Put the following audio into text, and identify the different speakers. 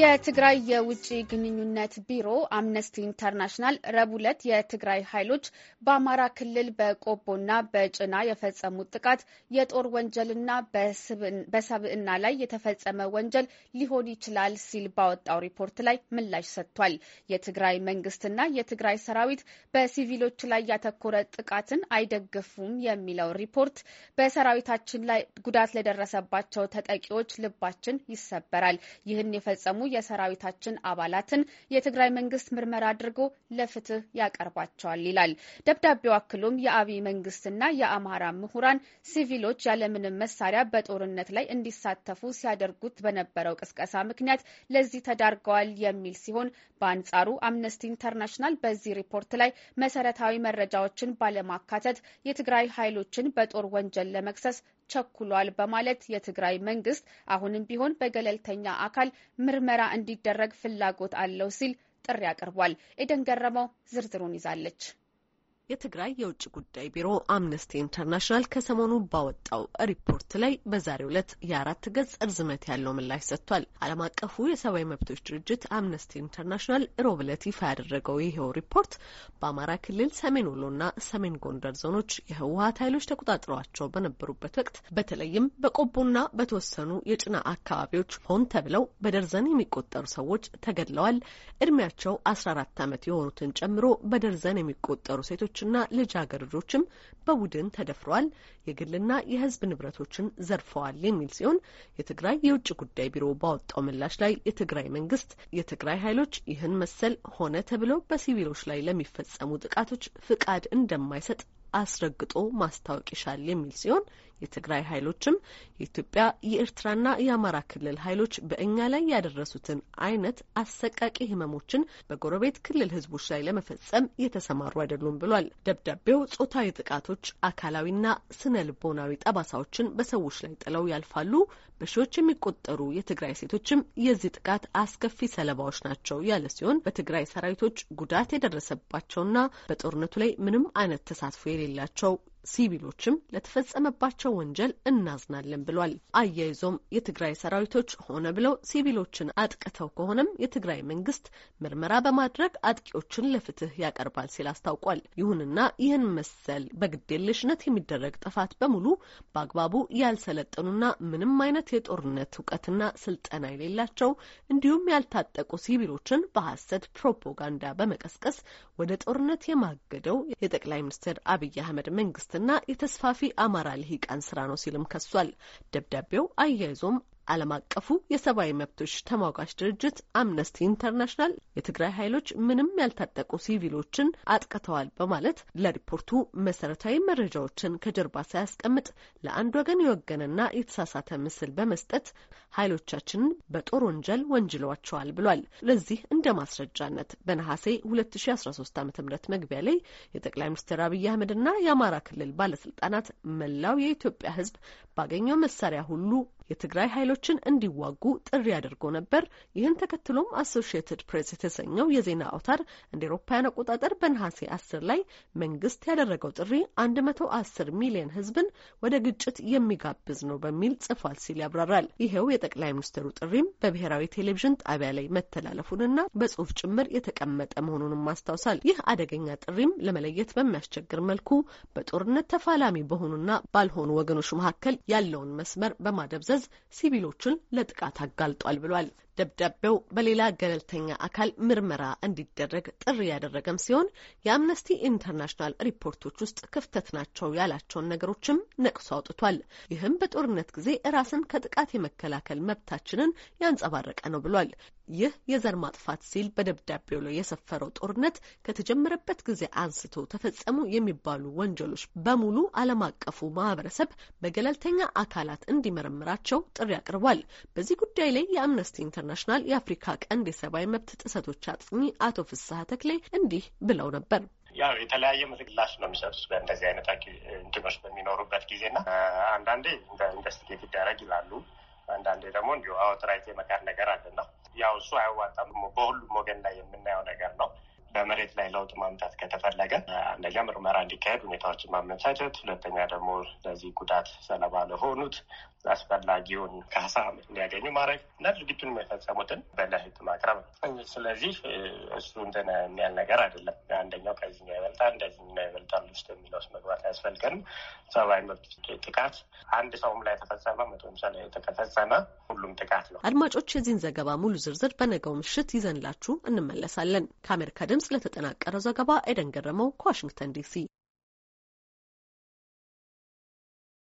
Speaker 1: የትግራይ የውጭ ግንኙነት ቢሮ አምነስቲ ኢንተርናሽናል ረቡዕ ዕለት የትግራይ ኃይሎች በአማራ ክልል በቆቦና በጭና የፈጸሙት ጥቃት የጦር ወንጀልና በሰብዕና ላይ የተፈጸመ ወንጀል ሊሆን ይችላል ሲል ባወጣው ሪፖርት ላይ ምላሽ ሰጥቷል። የትግራይ መንግስትና የትግራይ ሰራዊት በሲቪሎች ላይ ያተኮረ ጥቃትን አይደግፉም የሚለው ሪፖርት በሰራዊታችን ላይ ጉዳት ለደረሰባቸው ተጠቂዎች ልባችን ይሰበራል። ይህን የፈጸሙ የሰራዊታችን አባላትን የትግራይ መንግስት ምርመራ አድርጎ ለፍትህ ያቀርባቸዋል ይላል ደብዳቤው። አክሎም የአብይ መንግስትና የአማራ ምሁራን ሲቪሎች ያለምንም መሳሪያ በጦርነት ላይ እንዲሳተፉ ሲያደርጉት በነበረው ቅስቀሳ ምክንያት ለዚህ ተዳርገዋል የሚል ሲሆን በአንጻሩ አምነስቲ ኢንተርናሽናል በዚህ ሪፖርት ላይ መሰረታዊ መረጃዎችን ባለማካተት የትግራይ ኃይሎችን በጦር ወንጀል ለመክሰስ ቸኩሏል በማለት የትግራይ መንግስት አሁንም ቢሆን በገለልተኛ አካል ምርመራ እንዲደረግ ፍላጎት አለው ሲል ጥሪ አቅርቧል። ኤደን ገረመው ዝርዝሩን ይዛለች።
Speaker 2: የትግራይ የውጭ ጉዳይ ቢሮ አምነስቲ ኢንተርናሽናል ከሰሞኑ ባወጣው ሪፖርት ላይ በዛሬው ዕለት የአራት ገጽ እርዝመት ያለው ምላሽ ሰጥቷል። ዓለም አቀፉ የሰብአዊ መብቶች ድርጅት አምነስቲ ኢንተርናሽናል ሮብ ዕለት ይፋ ያደረገው ይኸው ሪፖርት በአማራ ክልል ሰሜን ወሎና ሰሜን ጎንደር ዞኖች የህወሀት ኃይሎች ተቆጣጥረዋቸው በነበሩበት ወቅት በተለይም በቆቦና በተወሰኑ የጭና አካባቢዎች ሆን ተብለው በደርዘን የሚቆጠሩ ሰዎች ተገድለዋል። እድሜያቸው አስራ አራት ዓመት የሆኑትን ጨምሮ በደርዘን የሚቆጠሩ ሴቶች ሴቶችና ልጃገረዶችም በቡድን ተደፍረዋል፣ የግልና የሕዝብ ንብረቶችን ዘርፈዋል የሚል ሲሆን የትግራይ የውጭ ጉዳይ ቢሮ ባወጣው ምላሽ ላይ የትግራይ መንግስት የትግራይ ኃይሎች ይህን መሰል ሆነ ተብለው በሲቪሎች ላይ ለሚፈጸሙ ጥቃቶች ፍቃድ እንደማይሰጥ አስረግጦ ማስታወቅ ይሻል የሚል ሲሆን የትግራይ ኃይሎችም የኢትዮጵያ የኤርትራና የአማራ ክልል ኃይሎች በእኛ ላይ ያደረሱትን አይነት አሰቃቂ ህመሞችን በጎረቤት ክልል ህዝቦች ላይ ለመፈጸም የተሰማሩ አይደሉም ብሏል። ደብዳቤው ጾታዊ ጥቃቶች አካላዊና ስነ ልቦናዊ ጠባሳዎችን በሰዎች ላይ ጥለው ያልፋሉ። በሺዎች የሚቆጠሩ የትግራይ ሴቶችም የዚህ ጥቃት አስከፊ ሰለባዎች ናቸው ያለ ሲሆን በትግራይ ሰራዊቶች ጉዳት የደረሰባቸውና በጦርነቱ ላይ ምንም አይነት ተሳትፎ የሌላቸው ሲቪሎችም ለተፈጸመባቸው ወንጀል እናዝናለን ብሏል። አያይዞም የትግራይ ሰራዊቶች ሆነ ብለው ሲቪሎችን አጥቅተው ከሆነም የትግራይ መንግስት ምርመራ በማድረግ አጥቂዎችን ለፍትህ ያቀርባል ሲል አስታውቋል። ይሁንና ይህን መሰል በግዴለሽነት የሚደረግ ጥፋት በሙሉ በአግባቡ ያልሰለጠኑና ምንም አይነት የጦርነት እውቀትና ስልጠና የሌላቸው እንዲሁም ያልታጠቁ ሲቪሎችን በሐሰት ፕሮፓጋንዳ በመቀስቀስ ወደ ጦርነት የማገደው የጠቅላይ ሚኒስትር አብይ አህመድ መንግስት መንግስትና የተስፋፊ አማራ ልሂቃን ስራ ነው ሲልም ከሷል። ደብዳቤው አያይዞም ዓለም አቀፉ የሰብአዊ መብቶች ተሟጋች ድርጅት አምነስቲ ኢንተርናሽናል የትግራይ ኃይሎች ምንም ያልታጠቁ ሲቪሎችን አጥቅተዋል በማለት ለሪፖርቱ መሰረታዊ መረጃዎችን ከጀርባ ሳያስቀምጥ ለአንድ ወገን የወገነና የተሳሳተ ምስል በመስጠት ኃይሎቻችንን በጦር ወንጀል ወንጅለዋቸዋል ብሏል። ለዚህ እንደ ማስረጃነት በነሐሴ 2013 ዓ ም መግቢያ ላይ የጠቅላይ ሚኒስትር አብይ አህመድና የአማራ ክልል ባለስልጣናት መላው የኢትዮጵያ ሕዝብ ባገኘው መሳሪያ ሁሉ የትግራይ ኃይሎችን እንዲዋጉ ጥሪ አድርጎ ነበር። ይህን ተከትሎም አሶሽትድ ፕሬስ የተሰኘው የዜና አውታር እንደ ኤሮፓውያን አቆጣጠር በነሐሴ አስር ላይ መንግስት ያደረገው ጥሪ አንድ መቶ አስር ሚሊዮን ህዝብን ወደ ግጭት የሚጋብዝ ነው በሚል ጽፏል ሲል ያብራራል። ይኸው የጠቅላይ ሚኒስትሩ ጥሪም በብሔራዊ ቴሌቪዥን ጣቢያ ላይ መተላለፉንና በጽሁፍ ጭምር የተቀመጠ መሆኑንም አስታውሳል። ይህ አደገኛ ጥሪም ለመለየት በሚያስቸግር መልኩ በጦርነት ተፋላሚ በሆኑና ባልሆኑ ወገኖች መካከል ያለውን መስመር በማደብዘዝ ሲቪሎችን ለጥቃት አጋልጧል ብሏል። ደብዳቤው በሌላ ገለልተኛ አካል ምርመራ እንዲደረግ ጥሪ ያደረገም ሲሆን የአምነስቲ ኢንተርናሽናል ሪፖርቶች ውስጥ ክፍተት ናቸው ያላቸውን ነገሮችም ነቅሶ አውጥቷል። ይህም በጦርነት ጊዜ ራስን ከጥቃት የመከላከል መብታችንን ያንጸባረቀ ነው ብሏል። ይህ የዘር ማጥፋት ሲል በደብዳቤው ላይ የሰፈረው ጦርነት ከተጀመረበት ጊዜ አንስቶ ተፈጸሙ የሚባሉ ወንጀሎች በሙሉ ዓለም አቀፉ ማህበረሰብ በገለልተኛ አካላት እንዲመረምራቸው ጥሪ አቅርቧል። በዚህ ጉዳይ ላይ የአምነስቲ ኢንተርና ኢንተርናሽናል የአፍሪካ ቀንድ የሰብአዊ መብት ጥሰቶች አጥኚ አቶ ፍስሀ ተክሌ እንዲህ ብለው ነበር።
Speaker 3: ያው የተለያየ ምላሽ ነው የሚሰጡት በእንደዚህ አይነት እንትኖች በሚኖሩበት ጊዜና አንዳንዴ ኢንቨስቲጌት ይደረግ ይላሉ። አንዳንዴ ደግሞ እንዲሁ አውትራይት የመካድ ነገር አለና ያው እሱ አያዋጣም። በሁሉም ወገን ላይ የምናየው ነገር ነው። በመሬት ላይ ለውጥ ማምጣት ከተፈለገ አንደኛ ምርመራ እንዲካሄድ ሁኔታዎችን ማመቻቸት፣ ሁለተኛ ደግሞ ለዚህ ጉዳት ሰለባ ለሆኑት አስፈላጊውን ካሳ እንዲያገኙ ማድረግ እና ድርጊቱን የፈጸሙትን በለህግ ማቅረብ። ስለዚህ እሱ እንትን የሚያል ነገር አይደለም። አንደኛው ከዚህኛው ይበልጣል እንደዚህኛው ይበልጣል ውስጥ የሚለው ውስጥ መግባት አያስፈልገንም። ሰብአዊ መብት ጥቃት አንድ ሰውም ላይ ተፈጸመ መቶ ላይ የተፈጸመ ሁሉም ጥቃት ነው።
Speaker 2: አድማጮች የዚህን ዘገባ ሙሉ ዝርዝር በነገው ምሽት ይዘንላችሁ እንመለሳለን። ከአሜሪካ ድምጽ ለተጠናቀረው ዘገባ ኤደን ገረመው ከዋሽንግተን ዲሲ